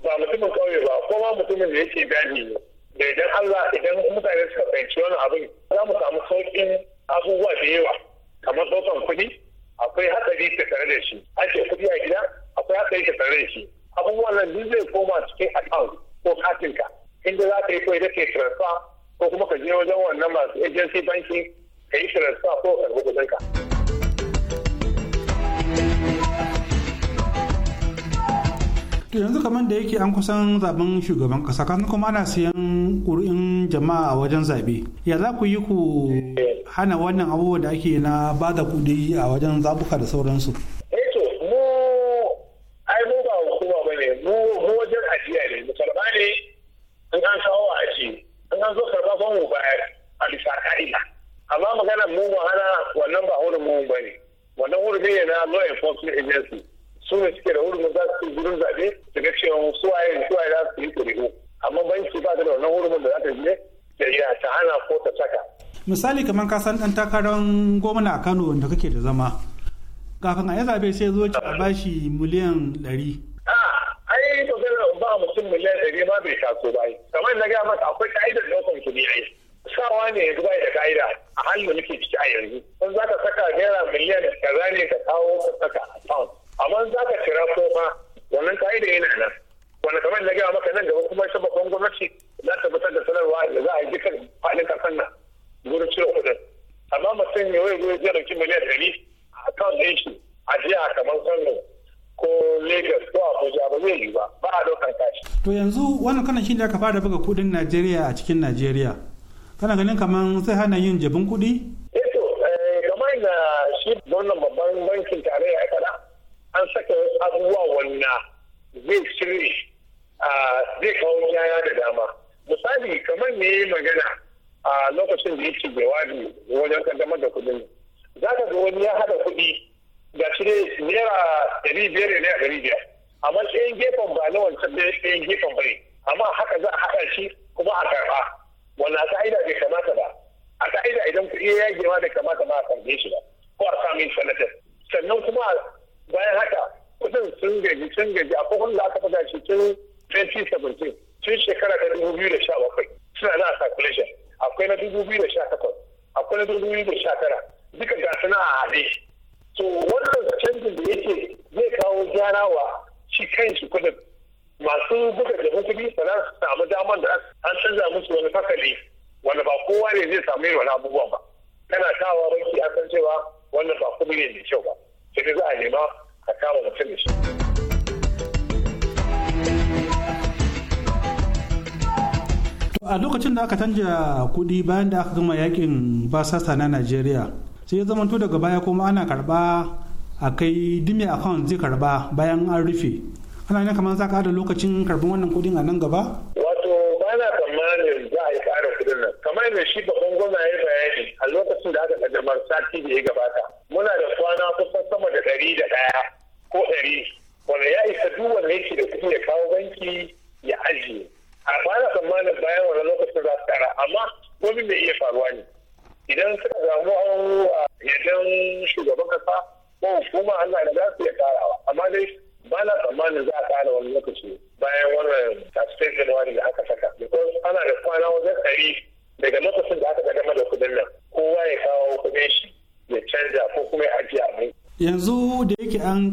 ba mutumin kauye ba ko ma mutumin da yake daji ne da idan Allah idan mutane suka fahimci wani abin za mu samu sauƙin abubuwa da yawa kamar ɗaukan kuɗi akwai hatsari ta tare da shi ake kuɗi a gida akwai hatsari ta tare da shi abubuwan nan duk zai koma cikin account ko katinka inda za ka yi kawai da ke transfer ko kuma ka je wajen wannan masu agency banking ka yi shirin sa to yanzu kamar da yake an kusan zaben shugaban kasa kan kuma ana siyan ƙuri'in jama'a a wajen zaɓe ya za ku yi ku eh. hana wannan abubuwa da ake na ba da kuɗi a wajen zabuka da sauransu eh to mu ai mu ba hukuma ba ne mu wajen ajiya ne mu karɓa ne an kawo a ajiye an zo karɓa mu bayar a bisa ka'ida amma magana mu hana wannan ba hurumin ba ne wannan hurumi ne na law enforcement agency su ne suke da hurumin za su gurin zaɓe su ga cewa su waye su waye za su yi kuri'u amma banki ba da wannan hurumin da za ta je da ya ta hana ko ta saka. misali kamar ka san ɗan takarar gwamna a kano wanda kake da zama kafin a yi zaɓe sai zo ci a bashi miliyan ɗari. ai to ba mutum miliyan ɗari ma bai taso ba kamar na gaya maka akwai ka'idar ɗaukan kuɗi sawa ne yanzu bai da ka'ida a halin da muke ciki a yanzu in za ka saka naira miliyan ka ne ka kawo ka saka a pound amma in za ka cira ko ma wannan ka'ida yana nan wanda kamar na gaya maka nan gaba kuma ita babban gwamnati za ta fitar da sanarwa da za a yi kan faɗin kasan nan gudun cire kuɗin amma mutum ya wai zai ɗauki miliyan ɗari a kan ɗin shi a jiya kamar kano ko lagos ko abuja ba zai yi ba ba a ɗaukar kashi. to yanzu wannan kanan shi ne aka fara buga kuɗin najeriya a cikin najeriya. kana ganin kamar sai hana yin jabin kuɗi? eto eh eh, kamar da shi wannan babban bankin tarayya ya an saka wasu abubuwa wanda zai shirye zai kawo yaya da dama misali kamar ne magana a lokacin da yake jawabi wajen kaddamar da kuɗin za ka ga wani ya haɗa kuɗi ga shi ne naira ɗari biyar da ɗari biyar amma ɗayan gefen ba na wancan ɗayan gefen bai amma haka za a haɗa shi kuma a karɓa wannan ka'ida bai kamata ba a ka'ida idan kuɗi ya yage ma bai kamata ba a karbe shi ba ko a sami sanatar sannan kuma bayan haka kudin sun gaji sun gaji a kokon da aka faɗa shi tun 2017 tun shekara ta 2017 suna na calculation akwai na 2018 akwai na 2019 duka ga suna a haɗe to wannan canjin da yake zai kawo gyara wa shi kan shi kudin masu buga jamin kuɗi sannan su samu damar da za canza musu wani fakali wanda ba kowa ne zai samu yin wani abubuwa ba kana tawa banki a san cewa wannan ba kuma ne mai kyau ba sai za a nema a kama mutum da shi a lokacin da aka canja kuɗi bayan da aka gama yakin basasa na najeriya sai ya zamanto daga baya kuma ana karba a kai dimi account zai karba bayan an rufe ana ne kamar za ka da lokacin karban wannan kudin a nan gaba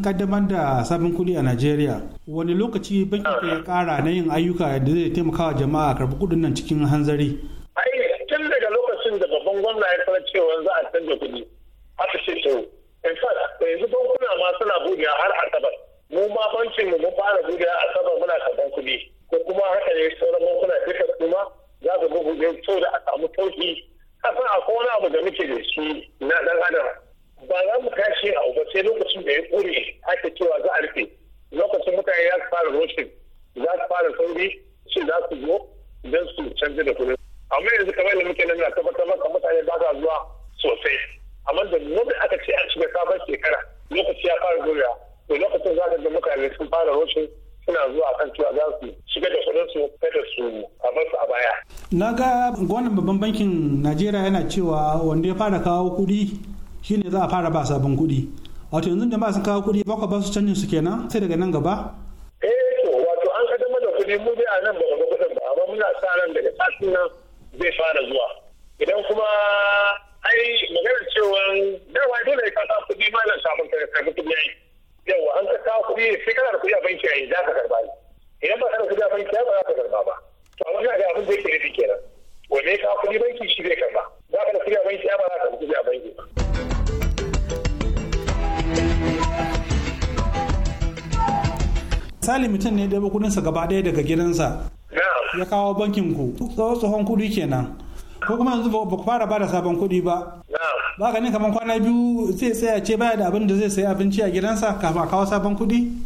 kaddamar da sabon kuɗi a Najeriya wani lokaci bankin ya ƙara na yin ayyuka da zai taimaka wa jama'a karɓi kuɗin nan cikin hanzari. sauri su za su zo don su canza da kudin amma yanzu kamar yadda muke nan na tabbatar maka mutane ba za zuwa sosai amma da nuna aka ce a shiga sabon shekara lokaci ya fara zuwa to lokacin za ka ga mutane sun fara roshin suna zuwa kan cewa za su shiga da kudin su kada su a bar su a baya. na ga gwamnan babban bankin najeriya yana cewa wanda ya fara kawo kudi shine za a fara ba sabon kudi wato yanzu da ba sun kawo kudi ba ba su canjin su kenan sai daga nan gaba mutum ne da kudinsa gaba ɗaya daga gidansa ya kawo bankin ku tsohon kudi kenan ko kuma yanzu ba ku fara bada sabon kuɗi ba ba ka ne kamar kwana biyu zai tsaya ce baya da abin da zai sayi abinci a gidansa kafin a kawo sabon kuɗi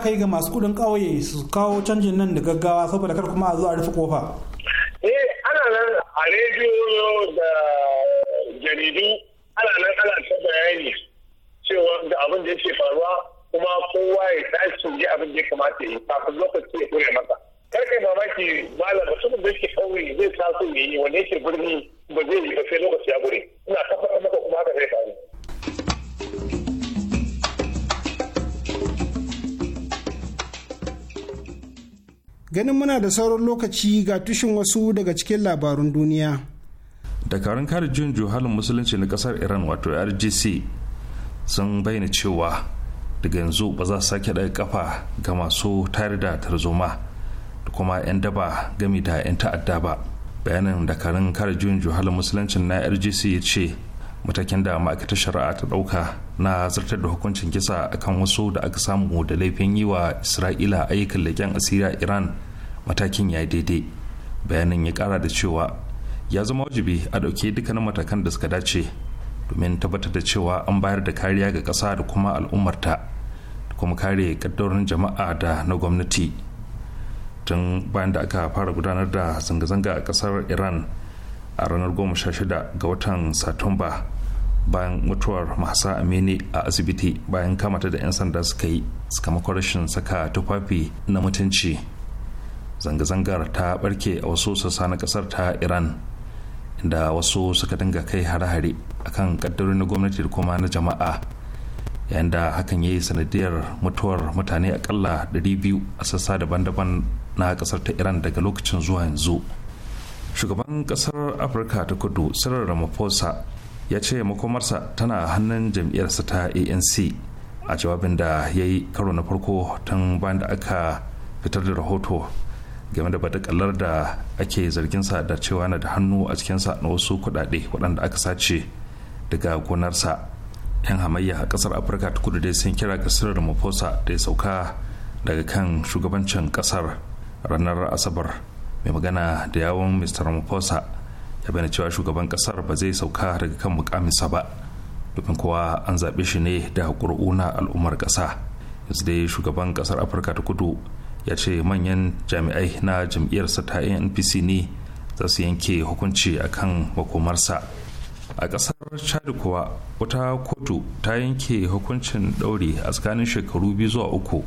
za ka yi ga masu kudin ƙauye su kawo canjin nan da gaggawa saboda kar kuma a zo a rufe kofa eh ana nan a rediyo da jaridu ana nan ana ta bayani cewa da abin da yake faruwa kuma kowa ya tashi ya abin da ya kamata ya yi kafin lokaci ya kure masa kar kai mamaki malam mutumin da yake kauye zai taso ya yi wanda yake birni ba zai yi ba sai lokaci ya kure ganin muna da sauran lokaci ga tushen wasu daga cikin labarun duniya dakarun kare jin juhalin musulunci na kasar iran wato rgc sun bayyana cewa daga yanzu ba za sake daga kafa ga masu tare da tarzoma da kuma 'yan daba gami da 'yan ta'adda ba bayanin dakarun kare jin juhalin musulunci na rgc ya ce matakin da ma'aikatar shari'a ta ɗauka na zartar da hukuncin kisa akan wasu da aka samu da laifin yi wa isra'ila ayyukan leƙen a iran matakin ya daidai bayanin ya kara da cewa ya zama wajibi a ɗauke dukkanin matakan da suka dace domin tabbatar da cewa an bayar da kariya ga ƙasa da kuma al'ummarta da kuma kare ƙaddarorin jama'a da na gwamnati tun bayan da aka fara gudanar da zanga-zanga a ƙasar iran a ranar 16 ga watan satumba bayan mutuwar masa amini a asibiti bayan kamata da 'yan sanda suka yi suka rashin saka tufafi na mutunci zanga-zangar ta barke a wasu sassa na kasar ta iran inda wasu suka dinga kai hare-hare akan kaddarori na gwamnati da kuma na jama'a yayin da hakan ya yi sanadiyar mutuwar mutane akalla 200 a sassa daban-daban na kasar ta iran daga lokacin zuwa yanzu. shugaban kasar afirka ta kudu cyril ramaphosa ya ce makomarsa tana hannun jam'iyyarsa ta anc a jawabin da ya yi karo na farko tun bayan da aka fitar da rahoto game da badakalar da ake zarginsa da cewa na da hannu a cikinsa na wasu kudade waɗanda aka sace daga gonarsa yan hamayya a kasar afirka ta kudu dai sun kira sirar ramaphosa da ya sauka daga kan shugabancin kasar ranar asabar mai magana da yawon mr ramaphosa ya bayyana cewa shugaban kasar ba zai sauka daga kan mukaminsa ba domin kowa an zaɓe shi ne da ƙuri'u na al'ummar ƙasa yanzu dai shugaban ƙasar afirka ta kudu ya ce manyan jami'ai na jam'iyyarsa ta npc ne za su yanke hukunci a kan makomarsa a ƙasar chad kuwa wata kotu ta yanke hukuncin ɗauri a tsakanin shekaru biyu zuwa uku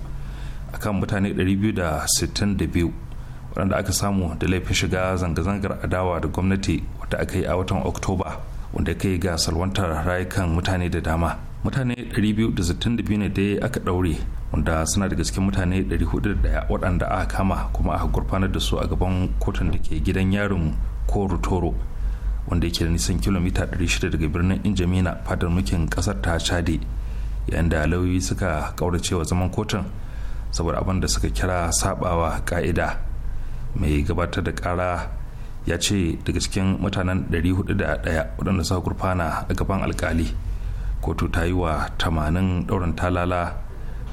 akan mutane 262 waɗanda aka samu da laifin shiga zanga-zangar adawa da gwamnati wadda aka yi a watan oktoba wanda ya kai ga salwantar rayukan mutane da dama mutane 262 ne dai aka ɗaure wanda suna daga cikin mutane 401 waɗanda aka kama kuma aka gurfanar da su a gaban kotun da ke gidan yarin koro toro wanda yake da nisan kilomita 600 daga birnin injamina fadar mukin kasar ta chadi yayin da lauyoyi suka kaurace wa zaman kotun saboda abin da suka kira sabawa ka'ida mai gabatar da ƙara ya ce daga cikin mutanen 401 waɗanda suka gurfana a gaban alkali kotu ta yi wa 80 ɗaurin talala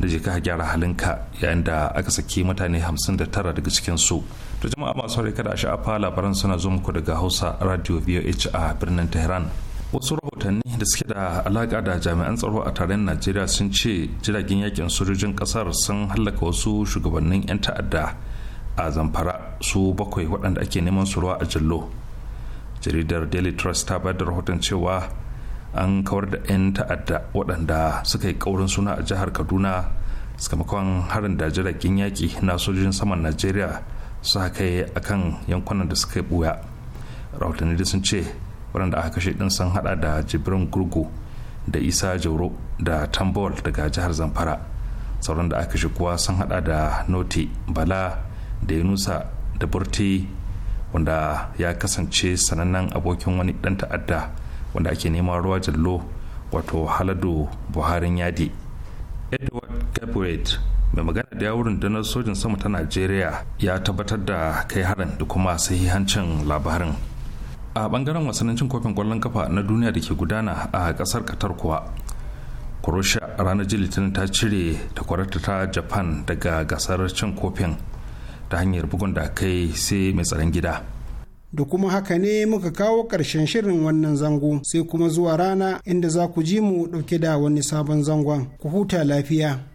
da je ka gyara halinka yayin da aka saki mutane 59 daga cikin su to jama'a masu rai kada a sha'afa labaran suna zo muku daga hausa radio voh a birnin tehran wasu rahotanni da suke da alaka da jami'an tsaro a tarayyar najeriya sun ce jiragen yakin sojojin kasar sun hallaka wasu shugabannin 'yan ta'adda a zamfara su bakwai waɗanda ake neman su ruwa a jallo jaridar daily trust ta bayar da rahoton cewa an kawar da 'yan ta'adda waɗanda suka yi ƙaurin suna a jihar kaduna sakamakon harin da jiragen yaƙi na sojojin saman najeriya yi a kan yankunan da suka buya rahotanni da sun ce waɗanda aka kashe ɗin sun haɗa da jibrin gurgu da isa jauro da tambol daga jihar zamfara sauran da aka kashe kuwa sun haɗa da noti bala da yunusa da burti wanda ya kasance sanannen abokin wani dan ta'adda wanda ake neman ruwa jallo wato haladu buharin yadi edward capret mai magana da yawurin danar sojin sama ta najeriya ya tabbatar da kai harin da kuma sahihancin labarin a bangaren wasannin cin kofin kwallon kafa na duniya da ke gudana a kasar qatar kuwa kurusha ranar jilitin ta cire takwarar ta japan daga gasar cin kofin ta hanyar bugun da kai sai mai tsaron gida da kuma haka ne muka kawo ƙarshen shirin wannan zango sai kuma zuwa rana inda za ku ji mu ɗauke da wani sabon zangon ku huta lafiya